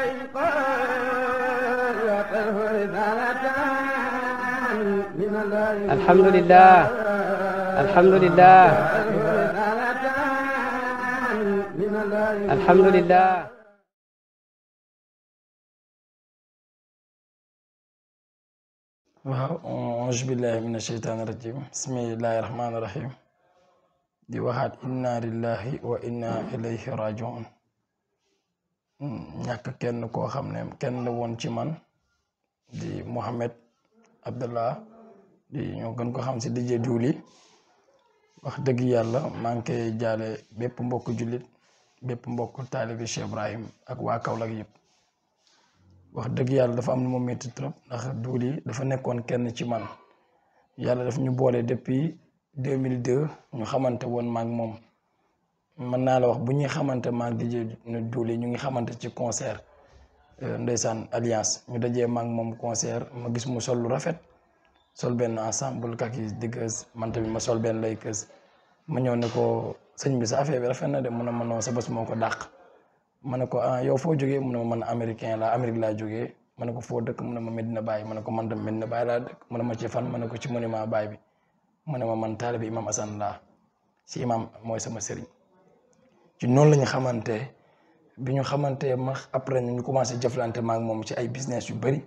alhamdulilah alhamdulilah alhamdulilah. waaw auzu billahi min asheytaani rajim bismillahi rahmaani rahim di waxaat inna lillahi wa inna ilayhi rajiun Hmm, ñàkk kenn koo xam ne kenn la woon ci man di Mohamed Abdallah di ñoo gën ko xam si DJ Dooley wax dëgg yàlla maa ngi koy jaale bépp mbokk jullit bépp mbokk taalibi Cheikh Ibrahim ak waa Kaolack yëpp wax dëgg yàlla dafa am lu ma métti trop ndax Dooley dafa nekkoon kenn ci man yàlla daf ñu boole depuis 2002 ñu xamante woon maag moom mën naa la wax bu ñuy xamante maag di duuli ñu ngi xamante ci concert euh, ndeysaan alliance ñu dajee maag moom concert ma gis mu sol lu rafet sol benn ensemble kak yi di kës man tamit ma sol benn lay kës ma ñëw ne ko sëñ bi sa affaire bi de mun a mënoo sa bés moo ko dàq ma ne ko ah yow foo jógee mu ne ma man américain la Amérique laa jógee ma ne ko foo dëkk mu ne ma Medina Baye ma ne ko man tam Medina Baye laa dëkk mu ma ci fan ma ne ko ci monument Baye bi mu ne ma man taalibe imam Assane laa si imam mooy sama sëriñ ci noonu lañu xamante bi ñu xamante ma après ñu commencé jëflante ma ak moom ci ay business yu bëri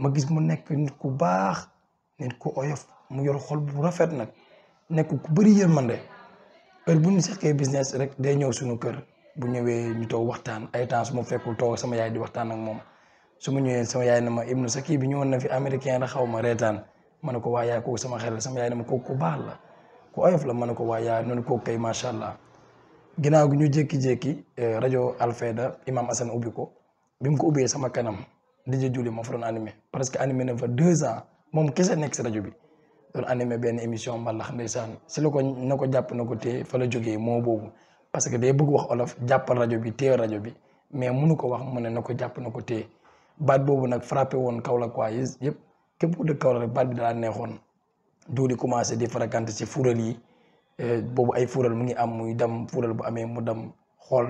ma gis mu nekk nit ku baax nit ku oyof mu yor xol bu rafet nag nekk ku bëri yërmande heure bu ñu seqee business rek day ñëw suñu kër bu ñëwee ñu waxtaan ay temps su ma fekkul toog sama yaay di waxtaan ak moom su ma ñëwee sama yaay ne ma Ibnou sa kii bi ñëwoon na fi américain la xaw ma reetaan ma ko waa yaay xel sama yaay ne ma kooku ku baax la ku oyof la ma ne ko waa noonu kooku kay macha allah. ginnaaw gi ñu jékki-jékki euh, rajo Alfayda Imam Assane ubbi ko bi mu ko ubbee sama kanam di DJ Juli moo fa doon animé presque animé na fa deux ans moom kese nekk si rajo bi doon animé benn émission mbalax ndeysaan si la ko na ko jàpp na ko téye fa la jógee moo boobu parce que day bugg wax olof jàppal rajo bi téye rajo bi mais munu ko wax mu ne na ko jàpp na ko téye baat boobu nag frappé woon Kaolack waa yëpp képp ku dëkk Kaolack baat bi dalaa neexoon Juli commencé di fréquenté si fural yi. Eh, boobu ay fuural mu ngi am muy dem fuural bu amee mu dem xool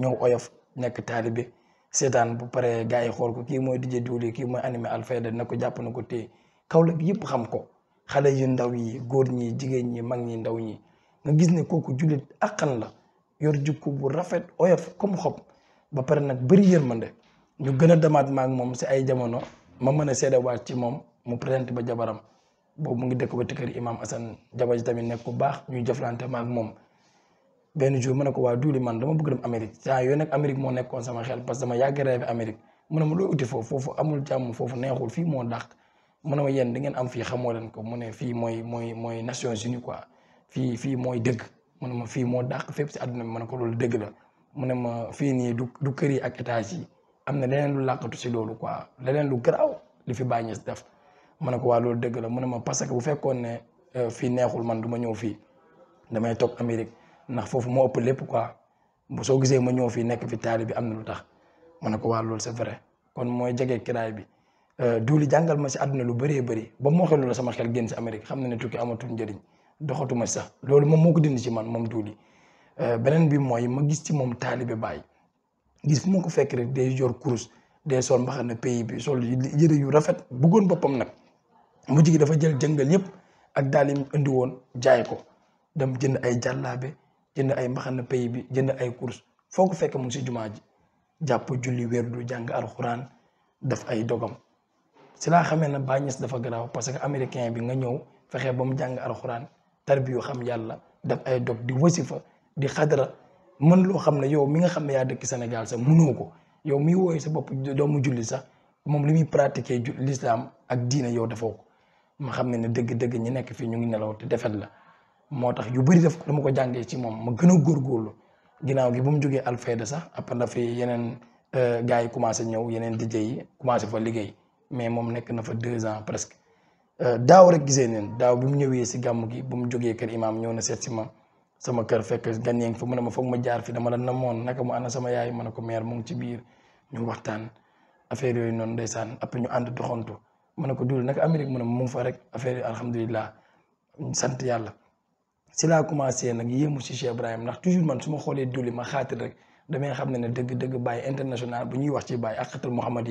ñëw oyof nekk taalibe seetaan bu paree gars yi xool ko kii mooy DJ Dooley kii mooy animé Alfayda na ko jàpp na ko téye Kaolack yëpp xam ko xale yu ndaw yi góor ñi jigéen ñi mag ñi ndaw ñi nga gis ne kooku jullit akkan la yor jukku bu rafet oyof comme xob ba pare nag bëri yërmande ñu gën a demaat maak moom si ay jamono ma mën a seedewaat ci moom mu présenté ba jabaram boobu mu ngi dëkk wetu kër Imaam Assane Jabaji tamit nekk ku baax ñuy jëflante ma moom benn jour ma ne ko waa duuli man dama bëgg dem Amérique saa yooyu nag Amérique moo nekkoon sama xel parce que dama yàgg rêve Amérique mu uti foofu amul jàmm foofu neexul fii moo dàq mu ne yéen da ngeen am fii xamoo leen ko mu fii mooy mooy mooy Nations Unies quoi fii fii mooy dëgg mu ne ma fii moo dàq fépp si àdduna bi ne ko loolu dëgg la mu ne ma fii nii du du kër yi ak étage yi am na leneen lu làqatu si loolu quoi leneen lu garaaw lu fi bàññees def ma ne ko waa loolu dëgg la mu ne ma parce que bu fekkoon ne euh, fii neexul man du ñëw fii damay toog Amérique ndax foofu moo ëpp lépp quoi bu soo gisee ma ñëw fii nekk fi taali bi am na lu tax ma ne ko waa loolu c'est vrai kon mooy jege kiraay bi euh, duuli jàngal ma si àdduna lu bëree bëri ba moo xelu sama xel génn si Amérique xam na ne tukki amatul njëriñ doxatuma sax loolu moom moo ko dindi si man moom duuli euh, beneen bi mooy ma gis ci moom taalibe Baay gis fu ma ko fekk rek day yor kurus day sol mbaxana pays bi sol yëre yu rafet bëggoon boppam nag mujj gi dafa jël jëngal yëpp ak daal yi indi woon jaay ko dem jënd ay jàllaabe jënd ay mbaxana pay bi jënd ay course foo ko fekk mu si jumaa ji jàpp julli du jàng alxuraan daf ay dogam si laa xamee ne Baay Ñas dafa garaaw parce que américain bi nga ñëw fexe ba mu jàng alxuraan tarbiyu xam yàlla daf ay dog di wasifa di xadara mën loo xam ne yow mi nga xam ne yaa dëkk Sénégal sax mënoo ko yow mi wooye sa bopp doomu julli sax moom li muy pratiquer l'islam ak diine yow defoo ma xam ne ne dëgg-dëgg ñi nekk fii ñu ngi nelaw te defet la moo tax yu bëri def dama ko jàngee ci moom ma gën a góorgóorlu ginnaaw gi bu mu jógee Alfayda sax après dafa yeneen euh, gars yi commencé ñëw yeneen DJ yi commencé fa liggéey mais moom nekk na fa deux ans presque euh, daaw rek gisee neen daaw bi mu ñëwee si gàmm gi bu mu jógee kër imaam ñëw na seet si ma sama kër fekk gan yi fa mu ne ma foog ma jaar fii dama la namoon naka mu ana sama yaay ma ne ko meer mu ngi ci biir ñu waxtaan affaire yooyu noonu saan après ñu ànd doxantu ma ne ko duul naka Amérique mu ne mu ngi fa rek affaire yi sant yàlla si laa commencé nag yéemu si Cheikh Ibrahim ndax toujours man su ma xoolee duuli ma xaatir rek damay xam ne ne dëgg dëgg Baye international bu ñuy wax ci Baye ak xatul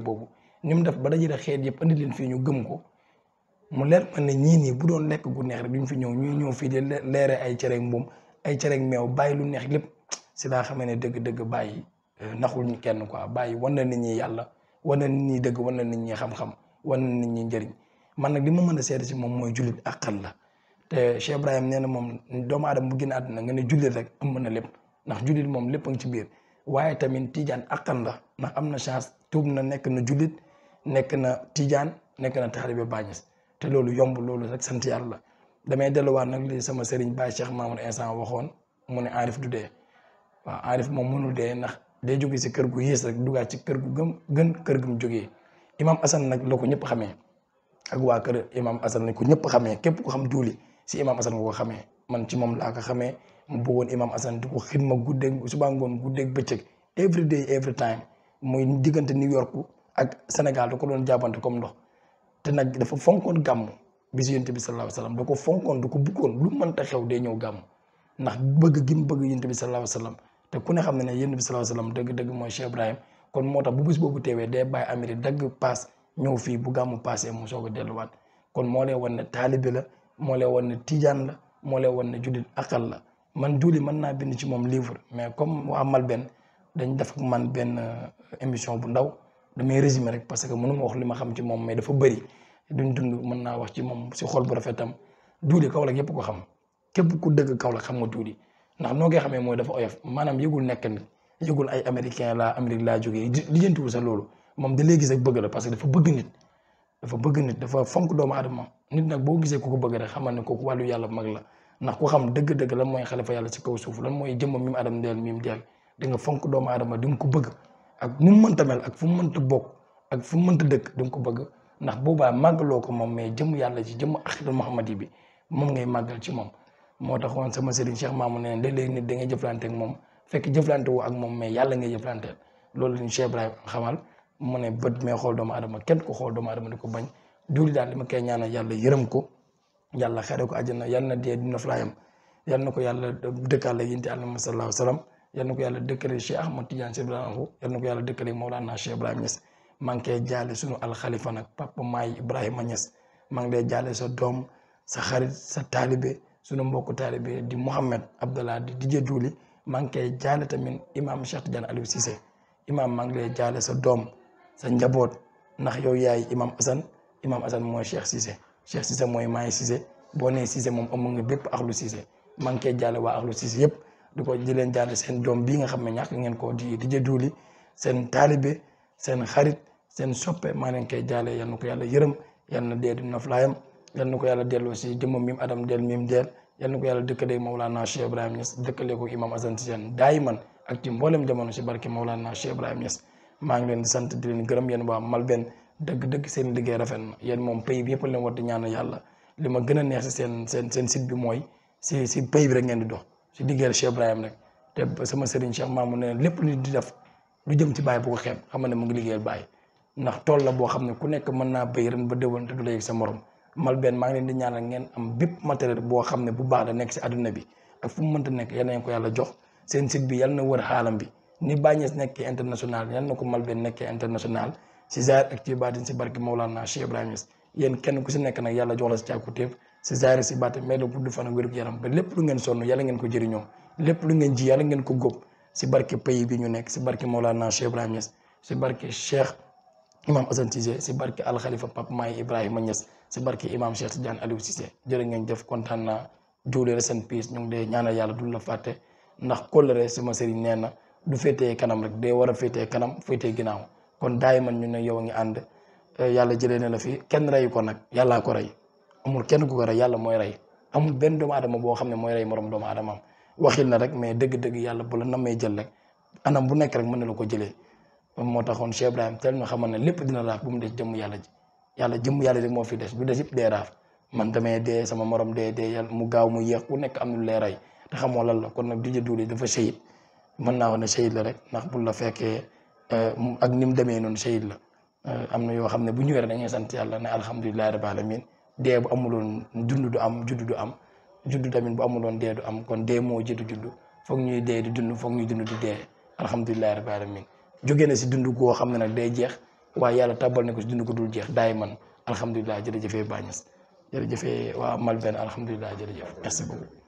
boobu ni def ba dajale xeet yëpp andi leen fii ñu gëm ko mu leer man ne ñii nii bu doon lekk gu neex rek duñ fi ñëw ñuy ñëw fii di leere ay cereeg mbuum ay cereeg meew bàyyi lu neex lépp si laa xamee ne dëgg dëgg Baye euh, naxul ñu kenn quoi bàyyi wan na nit ñi yàlla wan na nit ñi dëgg wan na nit ñi xam-xam wan nit ñi njëriñ man nag li ma mën a seet moom mooy jullit ak xel la te Cheikh Ibrahim nee na moom doomu aadama bu génn àdduna nga ne jullit rek ëmb na lépp ndax jullit moom lépp a ngi ci biir waaye tamit tijaan akkan la ndax am na chance tuub na nekk na jullit nekk na tijaan nekk na taalibe bàññis te loolu yomb loolu rek sant yàlla la damay delluwaat nag sama sëriñ Baye Cheikh Mamour instant waxoon mu ne aarif du dee waaw aarif moom mënul dee ndax day jóge si kër gu yées rek dugaat ci kër gu gën kër gu mu jógee imam Assane nag la ko ñëpp xamee ak waa kër imam Assane ko ñëpp xamee képp ko xam juuli si imam Assane nga ko xamee man ci moom laa ko xamee mu bëggoon imam Assane di ko xidma guddeeg suba ngoon guddeeg bëccëg every day every time muy diggante New York ak senegal da ko doon jàppante kom ndox te nag dafa fonkoon gàmm bis yonent bi sallallahu alayhi wasallam da ko fonkoon da ko bëggoon lu mënta xew day ñëw gàmm ndax bëgg gi mu bëgg yonent bi sallallahu te ku ne xam ne ne yonent bi sallallahu alayhi wasallam dëgg-dëgg mooy Cheikh Ibrahim kon moo tax bu bus boobu teewee day bàyyi Amérique dagg paas ñëw fii bu gàmmu paasee mu soog a delluwaat kon moo lay wan ne taalibe la moo lay wan ne tijaan la moo lay wan ne jullit akal la man juuli mën naa bind ci moom livre mais comme waa Malben dañ def man benn euh, émission bu ndaw damay résumé rek parce que mënu ma wax li ma xam ci moom mais dafa bëri duñ dund mën naa wax ci moom si xol bu rafetam juuli Kaolack yëpp ko xam képp ku dëgg Kaolack xam nga juuli ndax noo koy xamee mooy dafa oyof maanaam yëgul nekk nit yëgul ay américain laa Amérique laa jógee lijjantiwu sa loolu moom da lay gis ak bëgg la parce que dafa bëgg nit dafa bëgg nit dafa fonk doomu adama nit nag boo gisee ko ko bëgg rek xamal ne ko wàllu yàlla mag la ndax ku xam dëgg-dëgg lan mooy xalifa yàlla ci kaw suuf lan mooy jëmmam mi mu adam deel mi nga fonk doomu adama di nga ko bëgg ak nu mu mel ak fu mu mënta bokk ak fu mu mënta dëkk di ko bëgg ndax boobaa màggaloo ko moom mais jëm yàlla ci jëmm axirul muhammadi bi moom ngay màggal ci moom moo tax taxoon sama sëriñ Cheikh Mamoun ne léeg-léeg da ngay jëflante ak moom fekk jëflante woo ak moom mais yàlla nga jëflanteel loolu lañu Cheikh Ibrahima xamal mu ne bët mais xool doomu adama kenn ko xool doomu adama di ko bañ duuli daal li ma koy ñaanal yàlla yërëm ko yàlla xare ko àjjana yàlla na dee dina flaayam yàlla na ko yàlla dëkkaale yénti àlama sallallahu salaam yàlla na ko yàlla dëkkale Cheikh Ahmad Tidiane Cheikh Ibrahima anhu yàlla na ko yàlla dëkkale Mawlana Cheikh Ibrahima Niass maa ngi koy jaale sunu alxalifa nag papa maay Ibrahima Niass maa ngi lay jaale sa doom sa xarit sa taalibe sunu mbokku taalibe di Mouhamed Abdallah di Djé Diouli maa ngi koy jaale tamit imaam Cheikh Tidiane Aliou Cissé imaam maa ngi lay jaale sa doom sa njaboot ndax yow yaay imaam Assane imaam Assane mooy Cheikh Cissé Cheikh Cissé mooy maay Cissé boo nee Cissé moom ëmb nga bépp axlu Cissé maa ngi koy jaale waa axlu Cissé yëpp di ko jëlee leen jaale seen doom bii nga xam ne ñàkk ngeen koo di di jëduuli seen taalibe seen xarit seen soppe maa leen koy jaale yal na ko yàlla yërëm yal na dee di noflaayam yal na ko yàlla delloo si jëmmam mim adam del mim del yal na ko yàlla dëkkaleeg Mawlana Cheikh Ibrahim Niass dëkkaleeg ko Imam Assane Tidiane daay man ak ci mboolem jamono ci barke Mawlana Cheikh Ibrahim Niass maa ngi leen di sant di leen gërëm yéen waa Malben dëgg-dëgg seen liggéey rafet na yéen moom pays bi yëpp leen war di ñaanal yàlla li ma a neex si seen seen seen site mooy si si pays bi rek ngeen di dox si liggéeyal Cheikh Ibrahim rek te sama sëriñ Cheikh Mamoun ne lépp lu di def lu jëm ci Baye bu ko xeeb xam ne mu ngi liggéeyal Baye ndax tool la boo xam ne ku nekk mën naa béy ren ba déwén te du la yëg sa morom Malben maa ngi leen di ñaanal ngeen am bépp matériel boo xam ne bu baax la nekk si àdduna bi ak fu mu mënta nekk yal nañ ko jox seen site bi na wër xaalam bi ni Baye Niass nekkee na ko Malben nekkee international si zaahir ak ci baatin si barke Mawlana Cheikh Ibrahima Niass yéen kenn ku si nekk nag yàlla jox la si càkkutéef si zaahir si baatin mais la gudd fan lépp lu ngeen sonn yalla ngeen ko jëriñoo lépp lu ngeen ji yàlla ngeen ko góob si barke pays bi ñu nekk si barke Mawlana Cheikh Ibrahima Niass si barke Cheikh imam Assane Cissé si barke alxalifa Pape Maye Ibrahima Niass si barke imam Cheikh Tidiane Aliou Cissé jërë ngeen jëf kontaan naa juulee seen piis ñu ngi dee ñaanal yàlla du la fàtte ndax kóllëre sama sëriñ nee na du féetee kanam rek day war a féetee kanam féetee ginnaaw kon daay man ñu ne yow a ngi ànd eh, yàlla jëlee na la kenn reyu ko nag yàllaa ko rey amul kenn ku ko rey yàlla mooy rey amul benn doomu aadama boo xam ne mooy rey morom doomu aadamaam waxil na rek mais dëgg yàlla bu la namee jël rek anam bu nekk rek mën na la ko jëlee moo moo taxoon Cheikh Ibrahim tel ñu xamal ne lépp dina raaf bu mu des jëmm yàlla ji yàlla jëmm yàlla ji moo fi des lu des yëpp dee raaf man tamit dee sama morom dee dee yàlla mu gaaw mu yéex ku nekk am na lu lay rey te xamoo lan la kon nag Dj Dooley dafa sayid mën naa wax ne sayid rek ndax bu la fekkee euh, ak ni mu demee noonu sayid la euh, am na yoo xam ne bu ñu wéree dañuy sant yàlla ne alhamdulilah rabbil alamin dee bu amuloon dund du am juddu du am judd tamit bu amuloon dee du am kon dee moo jëdu judd foog ñuy dee di dund foog ñuy dund di dee alhamdulilah rabbil jóge na si dund goo xam ne nag day jeex waaye yàlla tàbbal na ko si dund ko dul jeex daay man alhamdulilah jërëjëfee Bañes jërëjëfee waa Malben alhamdulilah jërëjëf merci beaucoup.